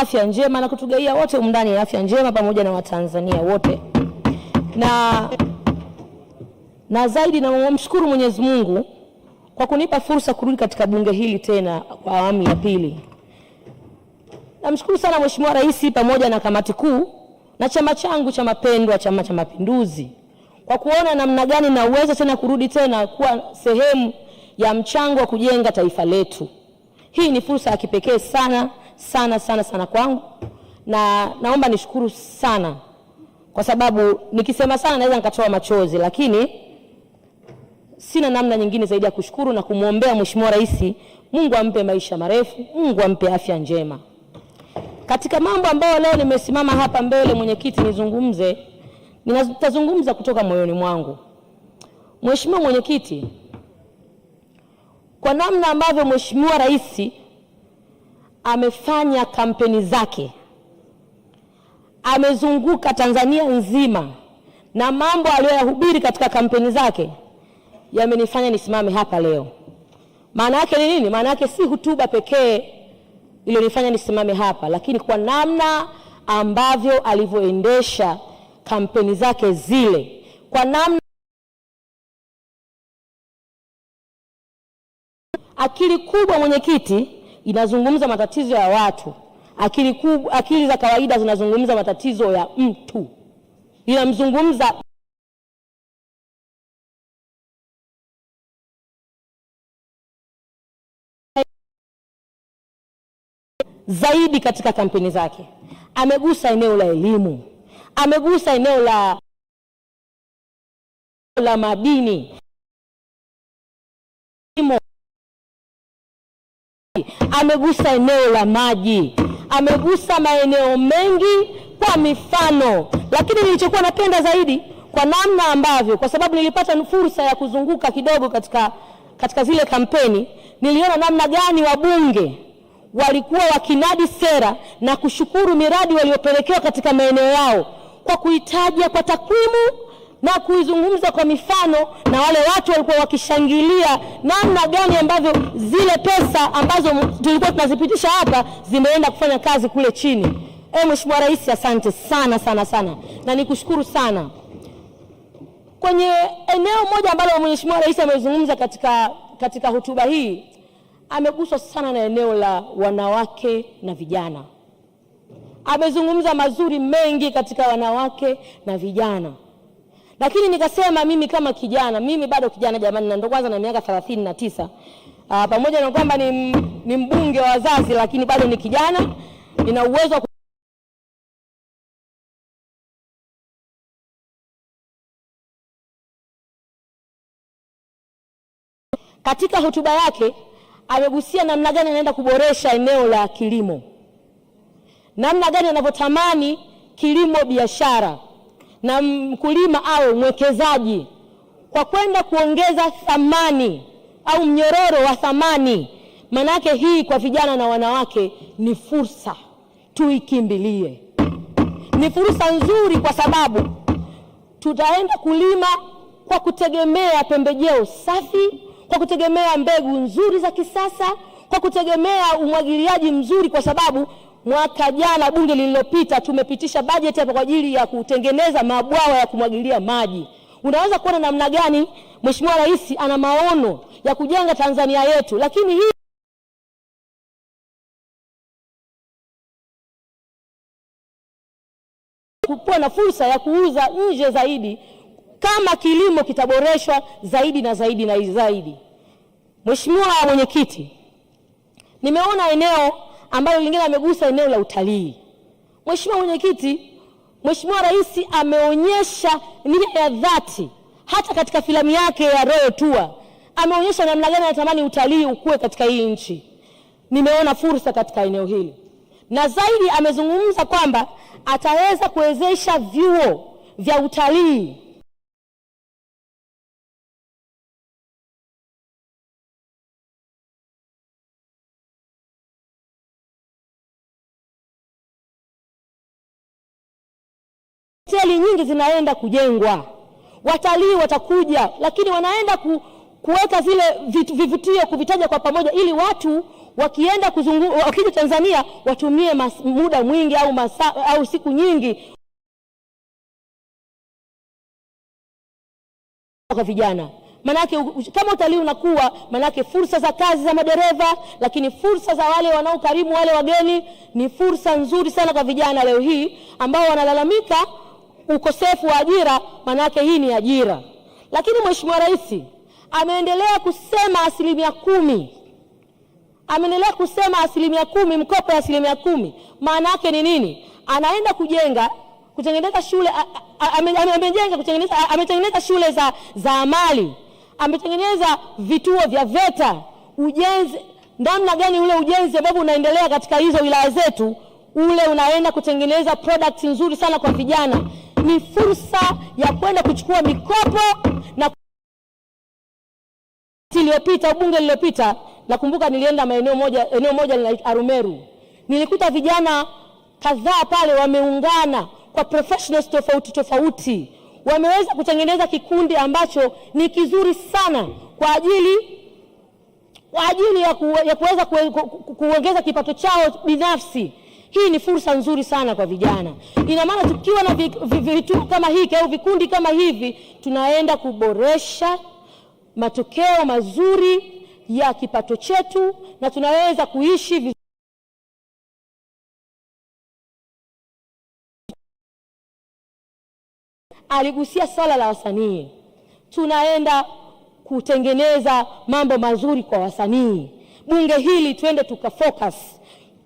afya njema na kutugaia wote umndani afya njema pamoja na Watanzania wote na, na zaidi namshukuru Mwenyezi Mungu kwa kunipa fursa kurudi katika bunge hili tena kwa awamu ya pili. Namshukuru sana Mheshimiwa Rais pamoja na kamati kuu na chama changu cha mapendwa Chama cha Mapinduzi kwa kuona namna gani naweza tena kurudi tena kuwa sehemu ya mchango wa kujenga taifa letu. Hii ni fursa ya kipekee sana sana sana sana kwangu, na naomba nishukuru sana, kwa sababu nikisema sana naweza nikatoa machozi, lakini sina namna nyingine zaidi ya kushukuru na kumwombea Mheshimiwa Rais, Mungu ampe maisha marefu, Mungu ampe afya njema. Katika mambo ambayo leo nimesimama hapa mbele mwenyekiti nizungumze, nitazungumza kutoka moyoni mwangu. Mheshimiwa mwenyekiti, kwa namna ambavyo Mheshimiwa Rais amefanya kampeni zake, amezunguka Tanzania nzima na mambo aliyoyahubiri katika kampeni zake yamenifanya nisimame hapa leo. Maana yake ni nini? Maana yake si hutuba pekee iliyonifanya nisimame hapa, lakini kwa namna ambavyo alivyoendesha kampeni zake zile, kwa namna akili kubwa mwenyekiti inazungumza matatizo ya watu, akili kubwa, akili za kawaida zinazungumza matatizo ya mtu, inamzungumza zaidi katika kampeni zake. Amegusa eneo la elimu, amegusa eneo la la madini. amegusa eneo la maji, amegusa maeneo mengi kwa mifano, lakini nilichokuwa napenda zaidi kwa namna ambavyo, kwa sababu nilipata fursa ya kuzunguka kidogo katika, katika zile kampeni, niliona namna gani wabunge walikuwa wakinadi sera na kushukuru miradi waliopelekewa katika maeneo yao kwa kuitaja kwa takwimu na kuizungumza kwa mifano, na wale watu walikuwa wakishangilia namna gani ambavyo zile pesa ambazo tulikuwa tunazipitisha hapa zimeenda kufanya kazi kule chini. E, Mheshimiwa Rais, asante sana sana sana, na nikushukuru sana kwenye eneo moja ambalo Mheshimiwa Rais amezungumza katika, katika hotuba hii ameguswa sana na eneo la wanawake na vijana. Amezungumza mazuri mengi katika wanawake na vijana. Lakini nikasema mimi kama kijana, mimi bado kijana jamani, na ndo kwanza na miaka thelathini na tisa ah, pamoja na kwamba ni, ni mbunge wa wazazi, lakini bado ni kijana, nina uwezo wa Katika hotuba yake amegusia namna gani anaenda kuboresha eneo la kilimo, namna gani anavyotamani kilimo biashara na mkulima awe mwekezaji kwa kwenda kuongeza thamani au mnyororo wa thamani. Manake hii kwa vijana na wanawake ni fursa, tuikimbilie. Ni fursa nzuri, kwa sababu tutaenda kulima kwa kutegemea pembejeo safi, kwa kutegemea mbegu nzuri za kisasa, kwa kutegemea umwagiliaji mzuri, kwa sababu Mwaka jana bunge lililopita tumepitisha bajeti hapa kwa ajili ya kutengeneza mabwawa ya kumwagilia maji. Unaweza kuona namna gani Mheshimiwa Rais ana maono ya kujenga Tanzania yetu, lakini hii kuwa na fursa ya kuuza nje zaidi kama kilimo kitaboreshwa zaidi na zaidi na zaidi. Mheshimiwa Mwenyekiti, nimeona eneo ambalo lingine amegusa eneo la utalii. Mheshimiwa Mwenyekiti, Mheshimiwa Rais ameonyesha nia ya dhati hata katika filamu yake ya Royal Tour ameonyesha namna gani anatamani utalii ukue katika hii nchi. Nimeona fursa katika eneo hili, na zaidi amezungumza kwamba ataweza kuwezesha vyuo vya utalii Hoteli nyingi zinaenda kujengwa, watalii watakuja, lakini wanaenda ku, kuweka zile vivutio kuvitaja kwa pamoja, ili watu wakienda kuzungu, wakija Tanzania watumie mas, muda mwingi au masa, au siku nyingi kwa vijana Manake kama utalii unakuwa, manake fursa za kazi za madereva, lakini fursa za wale wanaokarimu wale wageni ni fursa nzuri sana kwa vijana leo hii ambao wanalalamika ukosefu wa ajira, manake hii ni ajira. Lakini Mheshimiwa Rais ameendelea kusema asilimia kumi, ameendelea kusema asilimia kumi, mkopo ya asilimia kumi. Maana yake ni nini? Anaenda kujenga kutengeneza shule, amejenga kutengeneza, ametengeneza shule za, za amali, ametengeneza vituo vya VETA. Ujenzi namna gani ule ujenzi ambao unaendelea katika hizo wilaya zetu ule unaenda kutengeneza product nzuri sana kwa vijana ni fursa ya kwenda kuchukua mikopo na iliyopita bunge lililopita, nakumbuka nilienda maeneo moja, eneo moja la Arumeru, nilikuta vijana kadhaa pale wameungana kwa professionals tofauti tofauti, wameweza kutengeneza kikundi ambacho ni kizuri sana kwa ajili kwa ajili ya, ku, ya kuweza kuongeza kipato chao binafsi. Hii ni fursa nzuri sana kwa vijana. Ina maana tukiwa na vituo kama hiki au vikundi kama hivi, tunaenda kuboresha matokeo mazuri ya kipato chetu na tunaweza kuishi aligusia swala la wasanii. Tunaenda kutengeneza mambo mazuri kwa wasanii. Bunge hili twende tukafocus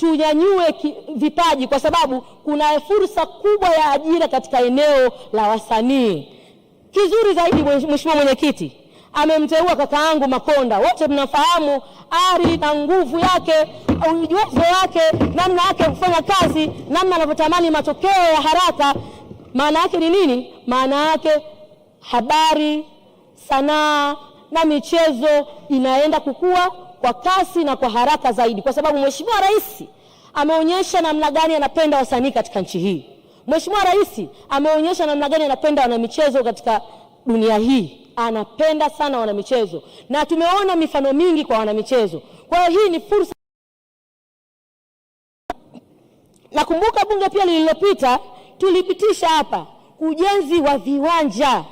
tunyanyue vipaji, kwa sababu kuna fursa kubwa ya ajira katika eneo la wasanii. Kizuri zaidi, Mheshimiwa Mwenyekiti amemteua kakaangu Makonda, wote mnafahamu ari na nguvu yake, ujuzi wake, namna yake kufanya kazi, namna anavyotamani matokeo ya haraka. Maana yake ni nini? Maana yake habari, sanaa na michezo inaenda kukua kwa kasi na kwa haraka zaidi, kwa sababu Mheshimiwa Rais ameonyesha namna gani anapenda wasanii katika nchi hii. Mheshimiwa Rais ameonyesha namna gani anapenda wanamichezo katika dunia hii, anapenda sana wanamichezo na tumeona mifano mingi kwa wanamichezo. Kwa hiyo hii ni fursa. Nakumbuka bunge pia lililopita tulipitisha hapa ujenzi wa viwanja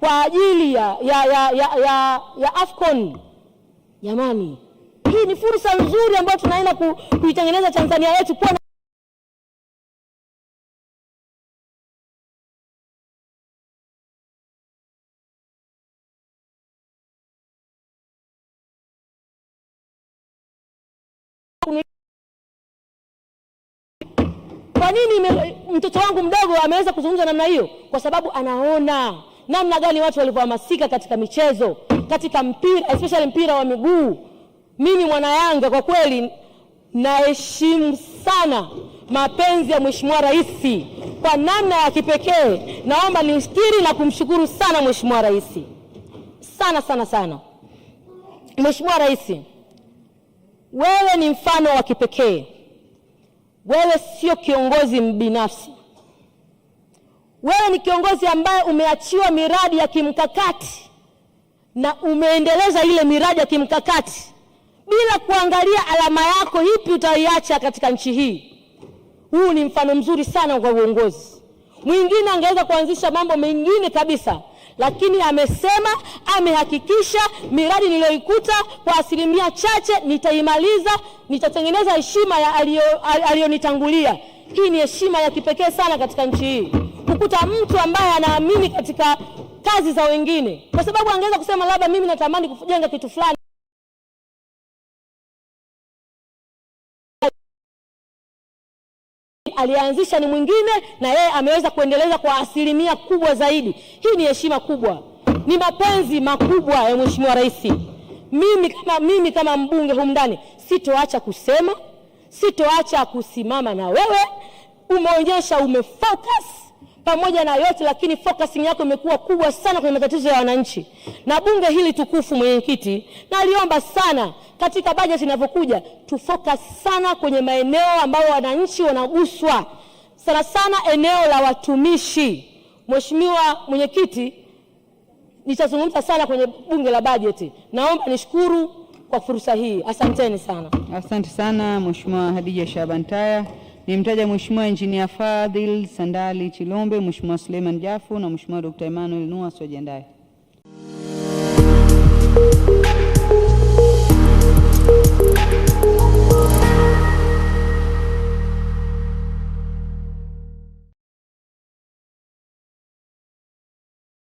kwa ajili ya, ya, ya, ya, ya, ya Afcon jamani hii ni fursa nzuri ambayo tunaenda kuitengeneza Tanzania yetu kuwa Kwa nini mtoto wangu mdogo ameweza kuzungumza namna hiyo? Kwa sababu anaona namna gani watu walivyohamasika katika michezo, katika mpira, especially mpira wa miguu. Mimi mwana Yanga kwa kweli naheshimu sana mapenzi ya Mheshimiwa Rais kwa namna ya kipekee. Naomba niustiri na kumshukuru sana Mheshimiwa Rais sana sana sana. Mheshimiwa Rais, wewe ni mfano wa kipekee. Wewe sio kiongozi mbinafsi, wewe ni kiongozi ambaye umeachiwa miradi ya kimkakati na umeendeleza ile miradi ya kimkakati bila kuangalia alama yako ipi utaiacha katika nchi hii. Huu ni mfano mzuri sana kwa uongozi. Mwingine angeweza kuanzisha mambo mengine kabisa, lakini amesema amehakikisha miradi niliyoikuta kwa asilimia chache nitaimaliza, nitatengeneza heshima ya aliyonitangulia. Hii ni heshima ya kipekee sana katika nchi hii, kukuta mtu ambaye anaamini katika kazi za wengine, kwa sababu angeweza kusema labda mimi natamani kujenga kitu fulani. aliyeanzisha ni mwingine, na yeye ameweza kuendeleza kwa asilimia kubwa zaidi. Hii ni heshima kubwa, ni mapenzi makubwa ya Mheshimiwa Rais. Mimi kama, mimi kama mbunge humu ndani sitoacha kusema, sitoacha kusimama na wewe. Umeonyesha umefocus pamoja na yote lakini focusing yako imekuwa kubwa sana kwenye matatizo ya wananchi. Na bunge hili tukufu, mwenyekiti, naliomba sana katika bajeti inavyokuja tufocus sana kwenye maeneo ambayo wananchi wanaguswa sana sana, eneo la watumishi. Mheshimiwa mwenyekiti, nitazungumza sana kwenye bunge la bajeti. Naomba nishukuru kwa fursa hii, asanteni sana. Asante sana Mheshimiwa Hadija Shaban Taya. Nimtaja Mheshimiwa Injinia Fadhil Sandali Chilombe, Mheshimiwa Suleiman Jafu na Mheshimiwa Dr. Emmanuel nua ajiandae.